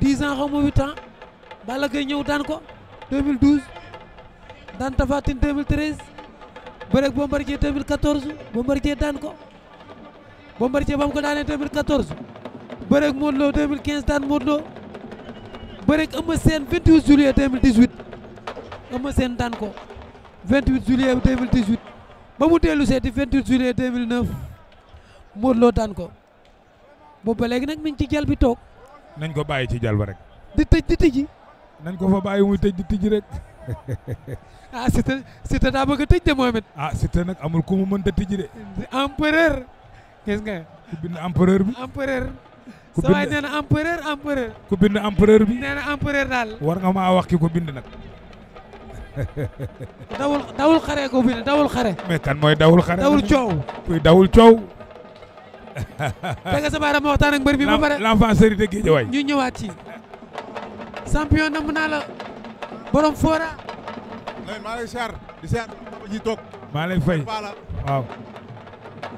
10 ans xaw ma 8 ans Balla Gaye ñëw daan ko 2012 daan Tapha Tine 2013 bëreeg Bombardier 2014 Bombardier daan ko Bombardier ba mu ko daanee 2014 bëreeg Modou Lo 2015 daan Modou Lo bëreeg Eumeu Sène 28 juillet 2018 Eumeu Sène daan ko 28 juillet 2018 ba mu dellu seeti 28 juillet 2009 Modou Lo daan ko boobu ba léegi nag mi ngi ci jal bi toog. nañ ko bàyyi ci jàll rek. di tëj di tëji. nañ ko fa bàyyi muy tëj di tëji rek. ah Siteu Siteu daa bëgg a tëj de Mohamed. ah Siteu nag amul ku mën mënta tëji de. empereur. gis nga. ku bind empereur bi empereur. ku bind saa waay nee na ku bind empereur bi. nee na empereur daal. war wax ki ko bind nag. dawul dawul xare ko bind dawul xare. mais kan mooy dawul xare. dawul coow kuy dawul coow. Pega sa baaraam ma waxtaan ak mbër bi ba pare l'enfant chéri a Guédiawaye ñu ñëwaat ci champion namm naa la borom foora lay maa lay siyaar di siyaar ba toog maa lay waaw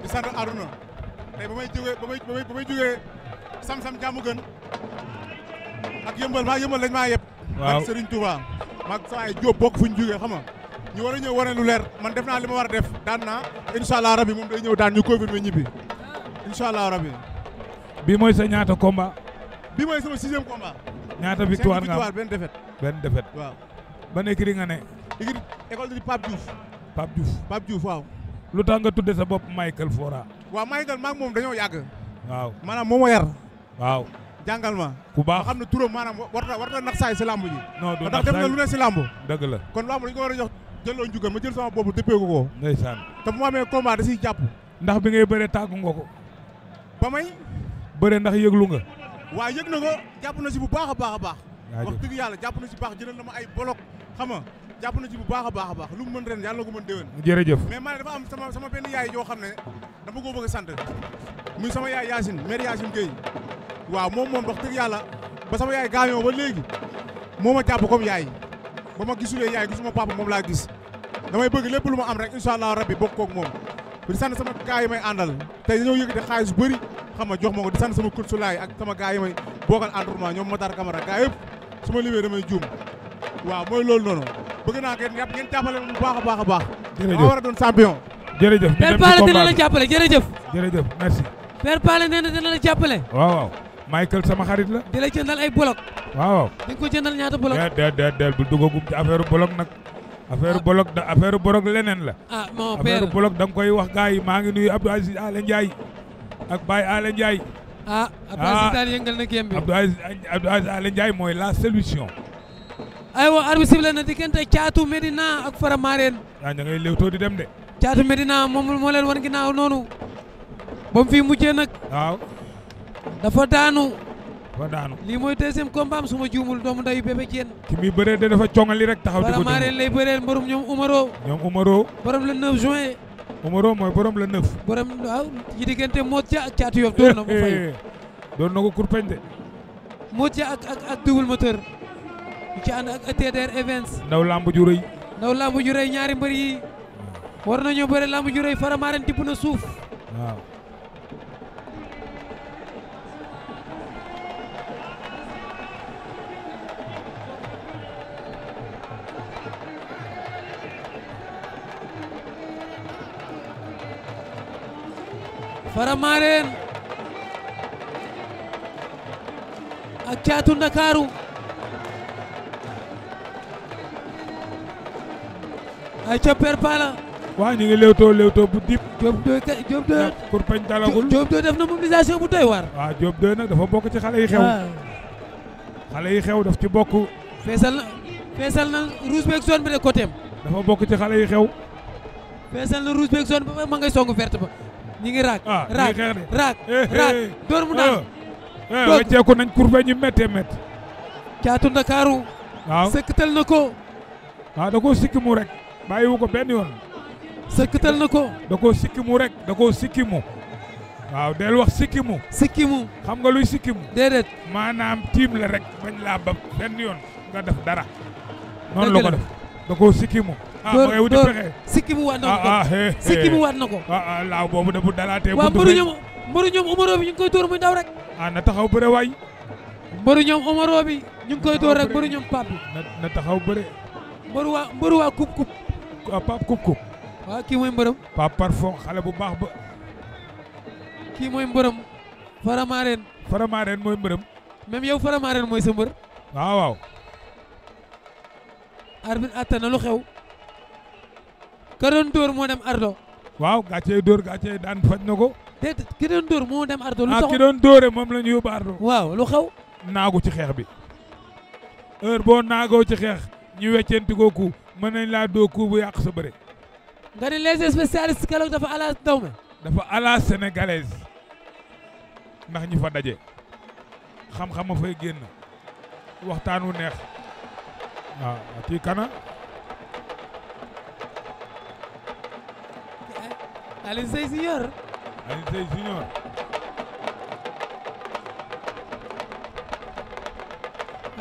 di sant aduna tey ba may jógee ba may ba may jógee sam-sam jàmm gën ak yëmbal maa yëmbal lañ maa yëpp waaw Serigne Touba maag sa ay Diop bokk fu ñu jógee ñu war ñëw wane lu leer man def naa li ma war a def daan naa incha allah rabi moom day ñëw daan ñu confirmé ñibbi incha allah rabi. bii mooy sa ñaata combat. bii mooy sama sixième combat. ñaata victoire nga am benn défaite. benn défaite waaw. ban nga ne. écurie école de Pape Diouf. Pape Diouf waaw. lu tax nga tudde sa bopp Michael Fora. waaw Michael maak moom dañoo yàgg. waaw maanaam moo ma yar. waaw. jàngal ma ku baax xam na turam maanaam war na war na nax saay si làmb ji. non du nax saay ndax si làmb. dëgg la kon loo dañu ko war a jox jëloo njugal ma jël sama bopp dëppee ko ko. siy jàpp. ndax bi ngay bëree tàggu nga ko. ba may. bëre ndax yëglu nga. waaw yëg na ko jàpp na si bu baax a baax a baax. wax dëgg yàlla jàpp na si baax jëlal na ma ay bolok xam nga jàpp na ci bu baax a baax a baax lu mu mën ren yàlla na ko mën déwén jërëjëf mais man dafa am sama sama benn yaay yoo xam ne dama koo bëgg a sant muy sama yaay Yacine mère Yacine Gueye waaw moom moom wax dëgg yàlla ba sama yaay gaañoo ba léegi moo ma jàpp comme yaay ba ma gisulee yaay gisuma papa moom laa gis damay bëgg lépp lu ma am rek incha allah rabbi bokk koog moom di sant sama gars yi xam nga jox ma ko di sant sama coach laay ak sama gars yi may bokkal entraînement ñoom Matar Camara gars yëpp su ma limee damay juum waaw mooy loolu noonu bëgg naa ngeen yàpp ngeen jàppale bu baax a baax a baax ma war a doon champion jërëjëf père Pale merci père Pale nee la jàppale Michael sama xarit la di la jëndal ay bloc waaw waaw di nga ko jëndal ñaata bloc déet déet déet bu dugagum ci affaire bloc nag affaire ah. bloc da affaire bloc leneen la ah mon père affaire da koy wax gars yi maa ngi nuyu Abdou Aziz Alé Ndiaye ak Baye Alé Ndiaye. ah Abdou Aziz ah. Al mooy la solution. aywa arbitre sifflé na diggante Caatu Medina ak Faramareen. ah ña ngay léewtoo di dem de. Caatu Medina moom moo leen wan ginnaaw noonu. ba mu fi mujjee nag. waaw. dafa daanu. dafa daanu lii mooy deuxième combat am suma ma juumul doomu ndeyu bébé Diène. ki muy bëree de dafa coŋali rek taxaw di ko. Faramareen lay bëree mbarum ñoom ñoom Umaro. borom le 9 juin. Omaro mooy borom la neuf. borom waaw yi diggante Modja ak Caatu Yoff doon na mu fay. Eh, eh, doon na ko kurpeñ de. Modja ak ak ak double moteur. ci ànd ak TDR Events. ndaw lamb ju rëy. ndaw lamb ju ñaari mbër yi. war nañoo bëre lamb ju rëy Fara Mareen na suuf. waaw. fara mareen ak caatu ndakaaru ay ca per pala waaw ñu ngi lewtoo lewtoo bu dip Diop 2 pour pañ dalagul Diop 2 def na mobilisation bu doy waar waaw Diop 2 nag dafa bokk ci xale yi xew ah. xale yi xew daf ci bokk feesal na feesal na rouge beeg zone bi de côté dafa bokk ci xale yi xew feesal na rouge beeg zone ba ma ngay songu verte ba ñi ngi raak. ah ñi ngi xeex eh, eh, door mu daan. Eh, donc wàcceeku nañ kurbe ñu méttee caatu ndakaaru. waaw sëkkatal na ko. waaw ah, da koo sikki mu rek. bàyyiwu ko benn yoon. sëkkatal na ko. da koo sikki mu rek da koo sikki mu. waaw del wax sikkimu. sikkimu. xam nga luy sikkimu. déedéet. maanaam tiim la rek bañ laa ba benn yoon nga def dara. noonu la ko def da koo sikkimu. ah ma wuti pexe sikki mu waat na ko ah, ah, ah, laaw boobu da bu dalaatee waaw mbëru mbëru ñoom omaro bi ñu ngi koy dóor muy daw rek ah na taxaw bëre waay mbëru ñoom omaro bi ñu ngi koy dóor rek mbëru ñoom pap bi na taxaw bëre mbëru waa mbëru waa kub kub pap kub kub waaw kii mooy mbërëm pap parfum xale bu baax ba kii mooy mbërëm faramaareen faramaareen mooy mbërëm même yow faramaareen mooy sa mbër waaw waaw atta na lu xew ka doon dóor moo dem ardo waaw gàccee dóor gàccee daan faj na ko déedéet ki doon dóor moo dem ardo lu ah, tax ki doon dóore moom la ñu yóbbu ardo waaw lu xaw naagu ci xeex bi heure boo naagoo ci xeex ñu weccenti kooku mën nañ laa doo ku bu yàq sa bëre nga ne les spécialistes keroog dafa ala daw me dafa ala sénégalaise ndax ñu fa daje xam-xam a fay génn waxtaan wu neex waaw kii kana Alioune Seye Junior Alioune Seye Junior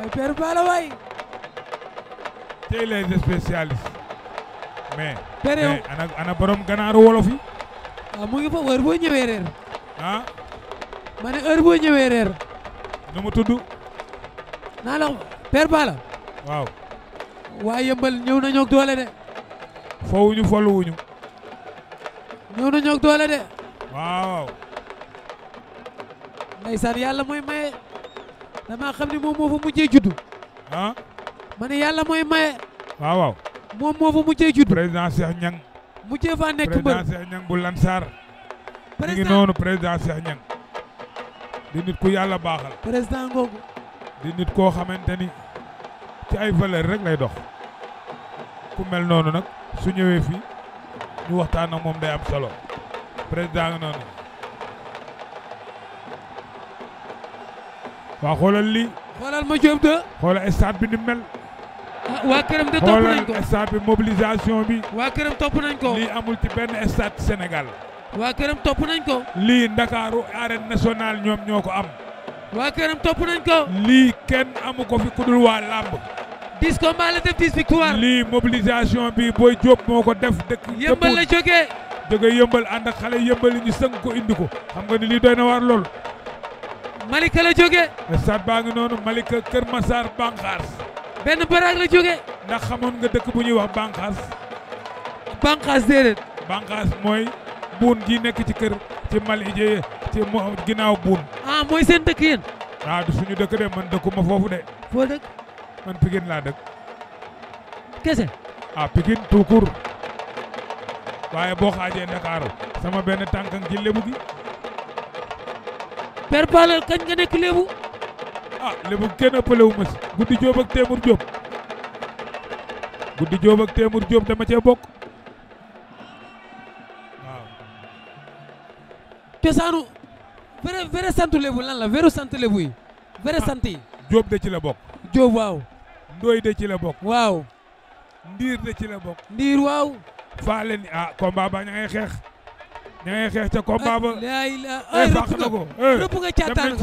ay père Balla waay tey les spécialistes mais mais ana ana borom ganaaru wolof yi waaw ah, mu ngi foofu heure boo ñëwee reer ah ma ne heure boo ñëwee reer nu mu naa la père Balla waaw waa yëmbal ñëw nañu ak doole de fowuñu folluwuñu ñëw na ñoog doole de. waaw. ndeysaan yàlla mooy maye. dama xam ni moom moo fa mujjee juddu. ah. ma ne yàlla mooy maye. waaw waaw. moom moo fa mujjee juddu. président Cheikh Niang. mujjee faa nekk mbër président Cheikh Niang bu Lansar. président mi ngi noonu président Cheikh Niang. di nit ku yàlla baaxal. président googu. di nit koo xamante ni ci ay valeur rek lay dox. ku mel noonu nag su ñëwee fii. waxtaan ak moom day solo président nga noonu waa xoolal lii. xoolal ma Diop de. xoolal stade bi ni ah, waa këram nañ ko lii amul ci benn stade Sénégal. waa nañ ko. lii Ndakaaru arène nationale ñoom ñoo ko am. waa këram topp nañ lii kenn amu ko fi ku dul waa làmb. dix combats la def dix victoire. lii mobilisation bi booy Diop moo ko def. dëkk yëmbal la jógee. jógee yëmbal ànd ak xale yëmbal yi ñu ko indi ko. xam nga ni lii doy na war lool. Malika la jógee. stade baa ngi noonu Malika Kër Massar Banxaas. benn baraag la jógee. ndax xamoon nga dëkk bu ñuy wax Banxaas. Banxaas déedéet. Banxaas mooy buun ji nekk ci kër ci Mali jee ci ginnaaw buun. ah mooy seen dëkk yéen. ah du suñu dëkk de man dëkkuma foofu de. man Pikine laa dëkk. kese. ah Pikine tout waaye boo xaajee Ndakaaru sama benn tànkang ci lébu gi. père Pallel kañ nga nekk lébu. ah lébu kenn ëppale wu ma si guddi Diop ak Témour Diop guddi Diop dama cee bokk waaw. cosaanu vrai vrai sant lébu lan la vrai sant lébu yi. vrai ah, sant yi jóob de ci la bokk. Diop waaw. Ndoy de ci la bokk. waaw. Ndiir de ci la bokk. Ndiir waaw. faale ni a ah, combat ba ña xeex. ña xeex ca combat ba. ay ay eh, rëpp nga eh, rëpp nga caataan